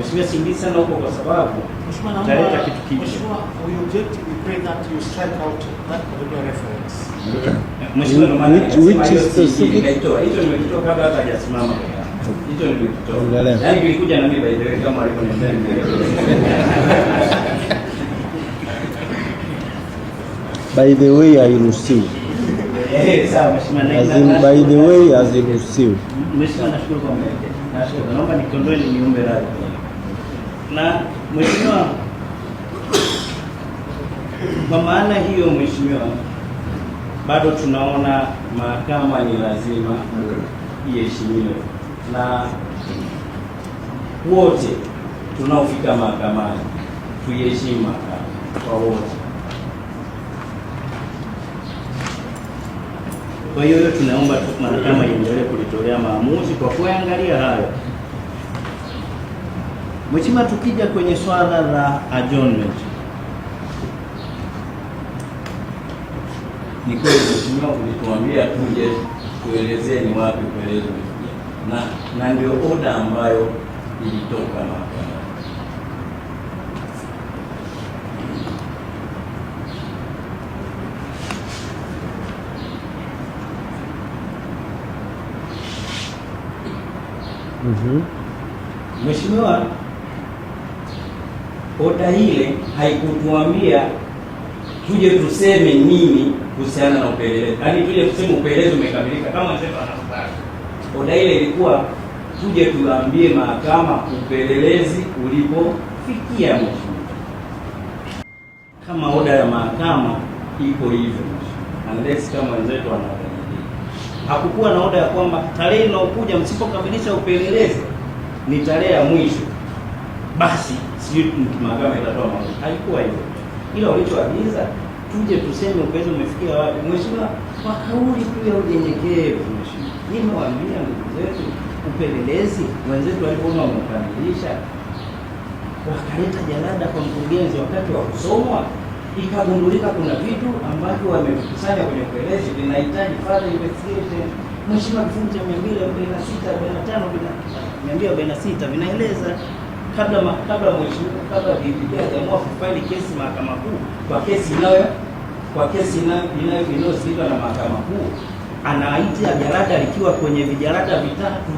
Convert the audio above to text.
Mheshimiwa, singii sana huko kwa sababu tutaleta kitu kipya. Mheshimiwa, hicho, kabla hata hajasimama hicho, yaani na mimi by the way kama by the way hairuhusiwi. Eh, eh, by the way Mheshimiwa, nashukuru kwa mbele. Nashukuru. Naomba nikondoe niombe radhi na mheshimiwa, kwa maana hiyo mheshimiwa, bado tunaona mahakama ni lazima iheshimiwe na wote tunaofika mahakamani tuiheshimu mahakama kwa wote. Kwa hiyo tunaomba tunaomba mahakama iendelee kulitolea maamuzi kwa kuangalia hayo. Mheshimiwa, tukija kwenye swala la adjournment, ni kweli mheshimiwa, ulituambia tuje kuelezea ni wapi kueleza na na ndio oda ambayo ilitoka mahakama. Mhm. Mheshimiwa Oda ile haikutuambia tuje tuseme nini kuhusiana na upelelezi, yaani tuje tuseme upelelezi umekamilika kama sema anafanya. Oda ile ilikuwa tuje tuambie mahakama upelelezi ulipofikia. mwisho. kama oda ya mahakama iko hivyo, unless kama wenzetu wanaoaii, hakukuwa na oda ya kwamba tarehe inaokuja msipokamilisha upelelezi ni tarehe ya mwisho basi sijui mahakama itatoa maamuzi. Haikuwa hivyo, ila walichoagiza tuje tuseme ukaweza umefikia wapi. Mheshimiwa, kwa kauli tu ya unyenyekevu, mheshimiwa, nimewaambia ndugu zetu upelelezi, wenzetu walipoona wamekamilisha wakaleta jalada kwa mkurugenzi wakati wa kusomwa ikagundulika kuna vitu ambavyo wamekusanya kwenye upelelezi vinahitaji further investigation. Mheshimiwa, kifungu cha mia mbili arobaini na sita arobaini na tano mia mbili arobaini na sita vinaeleza kabla kabla mheshimiwa kabla bibi hajaamua kufaili kesi mahakama kuu kwa kesi inayo kwa kesi inayo inayosikilizwa na mahakama kuu, anaitia jalada likiwa kwenye vijalada vitatu.